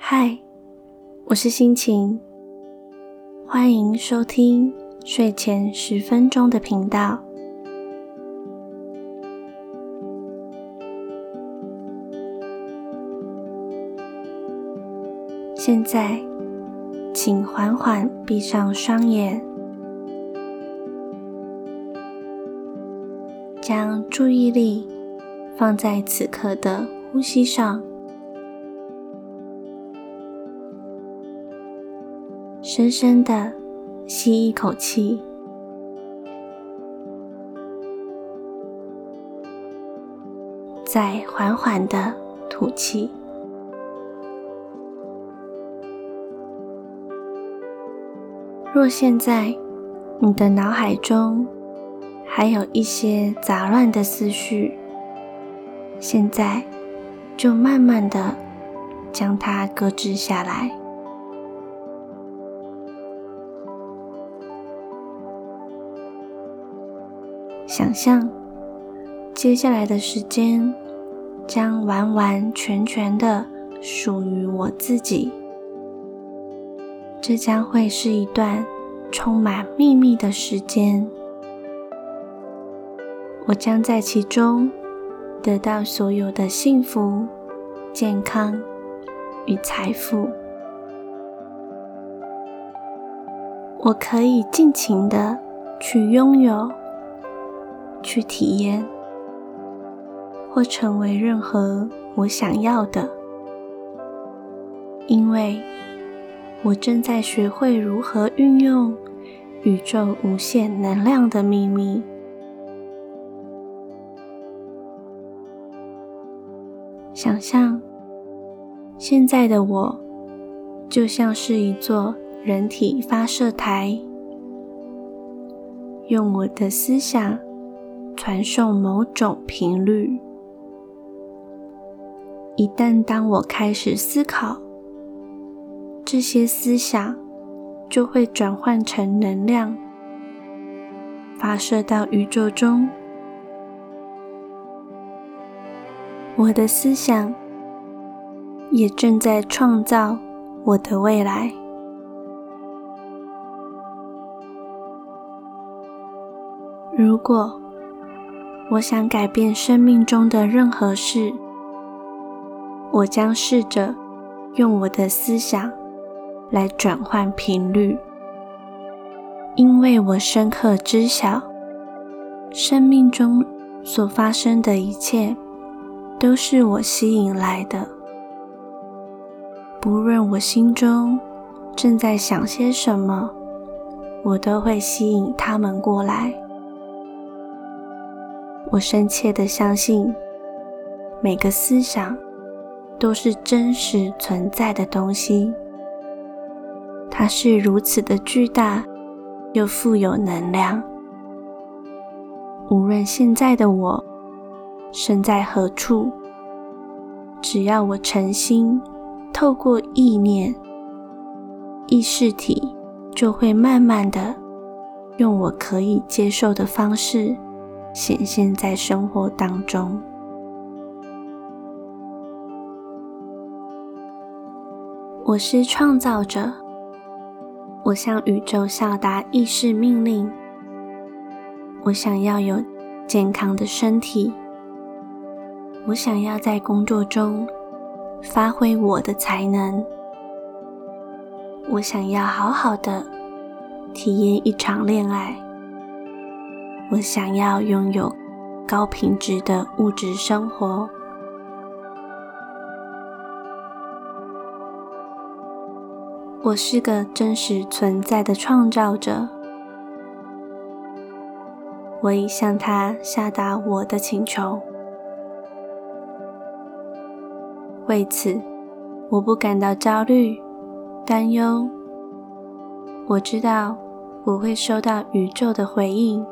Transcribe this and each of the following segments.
嗨，我是馨晴，歡迎收聽睡前十分鐘的頻道。現在，請緩緩閉上雙眼，將注意力放在此刻的呼吸上。深深的吸一口氣，再緩緩的吐氣。若現在你的腦海中還有一些雜亂的思緒，現在就慢慢的將它擱置下來。想象，接下來的時間將完完全全的屬於我自己。這將會是一段充滿秘密的時間。我將在其中得到所有的幸福、健康與財富。我可以盡情的去擁有。去體驗，或成為任何我想要的，因為我正在學會如何運用宇宙無限能量的秘密。想象現在的我，就像是一座人體發射台，用我的思想。傳送某種頻率。一旦當我開始思考，這些思想就會轉換成能量，發射到宇宙中。我的思想也正在創造我的未來。如果。我想改變生命中的任何事，我將試着用我的思想來轉換頻率，因為我深刻知曉，生命中所發生的一切都是我吸引來的。不論我心中正在想些什麼，我都會吸引他們過來。我深切的相信，每個思想都是真實存在的東西。它是如此的巨大又富有能量。無論現在的我身在何處，只要我誠心，透過意念，意識體就會慢慢的用我可以接受的方式。顯現在生活當中。我是創造者，我向宇宙下達意識命令。我想要有健康的身體，我想要在工作中發揮我的才能，我想要好好的體驗一場戀愛。我想要擁有高品質的物質生活。我是個真實存在的創造者。我已向他下達我的請求。為此，我不感到焦慮、擔憂。我知道，我會收到宇宙的回應。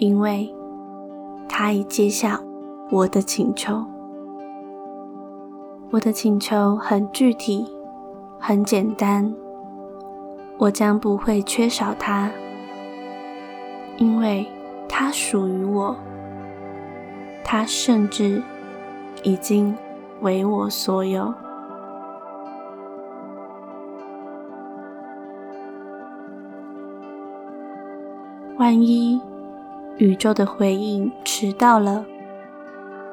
因為他已接下我的請求，我的請求很具體，很簡單，我將不會缺少它，因為它屬於我，它甚至已經為我所有。萬一，宇宙的回應遲到了，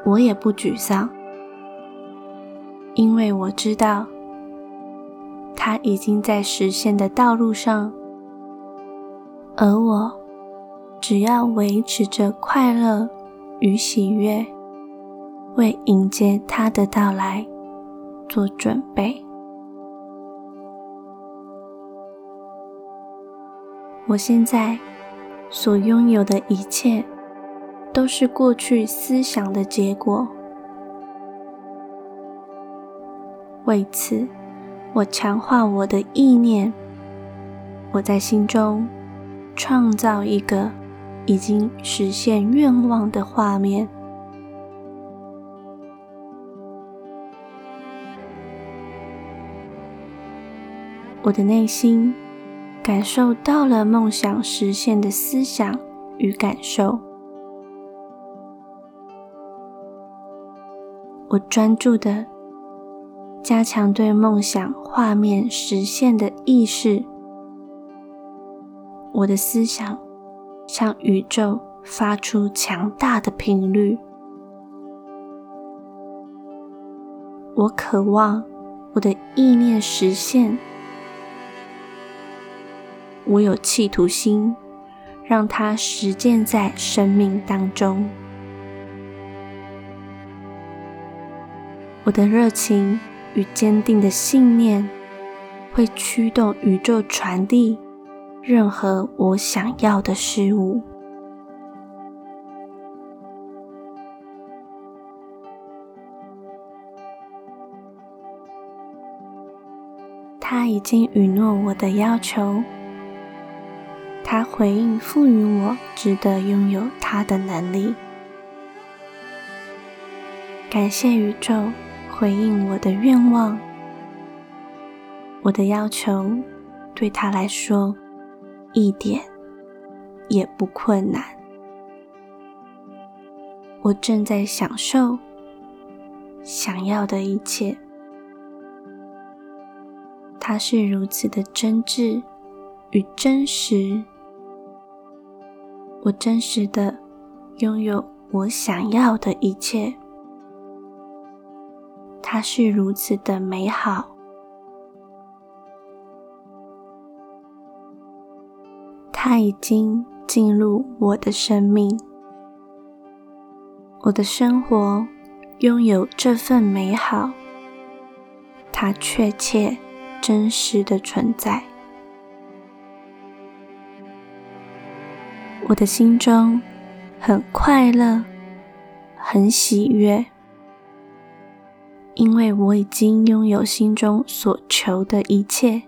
我也不沮喪，因為我知道，它已經在實現的道路上，而我只要維持着快樂與喜悅，為迎接它的到來做準備。我現在所擁有的一切，都是過去思想的結果。為此，我強化我的意念，我在心中創造一個已經實現願望的畫面。我的內心。感受到了夢想實現的思想與感受，我專注地加強對夢想畫面實現的意識。我的思想向宇宙發出強大的頻率。我渴望我的意念實現。我有企圖心，讓它實踐在生命當中。我的熱情與堅定的信念會驅動宇宙傳遞任何我想要的事物。他已經允諾我的要求。他回應，賦予我值得擁有他的能力。感謝宇宙回應我的願望，我的要求對他來說一點也不困難。我正在享受想要的一切。他是如此的真摯與真實。我真實的擁有我想要的一切，它是如此的美好，它已經進入我的生命，我的生活擁有這份美好，它確切真實的存在。我的心中很快樂，很喜悅，因為我已經擁有心中所求的一切。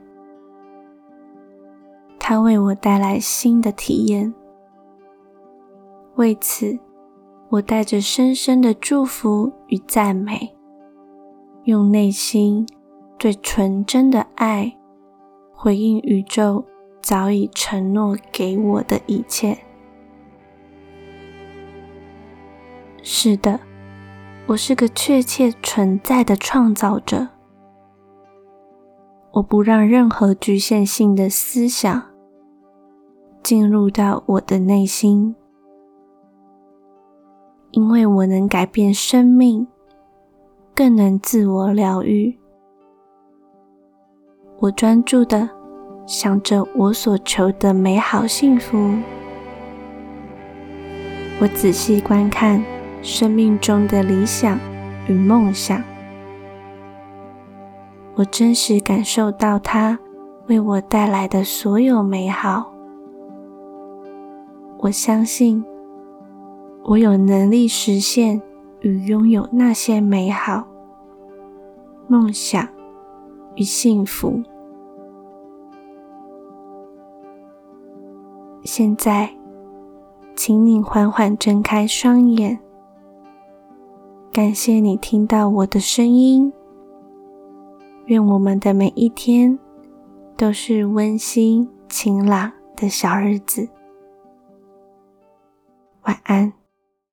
它為我帶來新的體驗。為此，我帶着深深的祝福與讚美，用內心最純真的愛回應宇宙早已承諾給我的一切。是的，我是個確切存在的創造者。我不讓任何局限性的思想進入到我的內心，因為我能改變生命，更能自我療癒。我專注地想着我所求的美好幸福。我仔細觀看。生命中的理想與夢想，我真實感受到它為我帶來的所有美好。我相信，我有能力實現與擁有那些美好、夢想與幸福。現在，請你緩緩睜開雙眼。感謝你聽到我的聲音。願我們的每一天都是溫馨晴朗的小日子。晚安。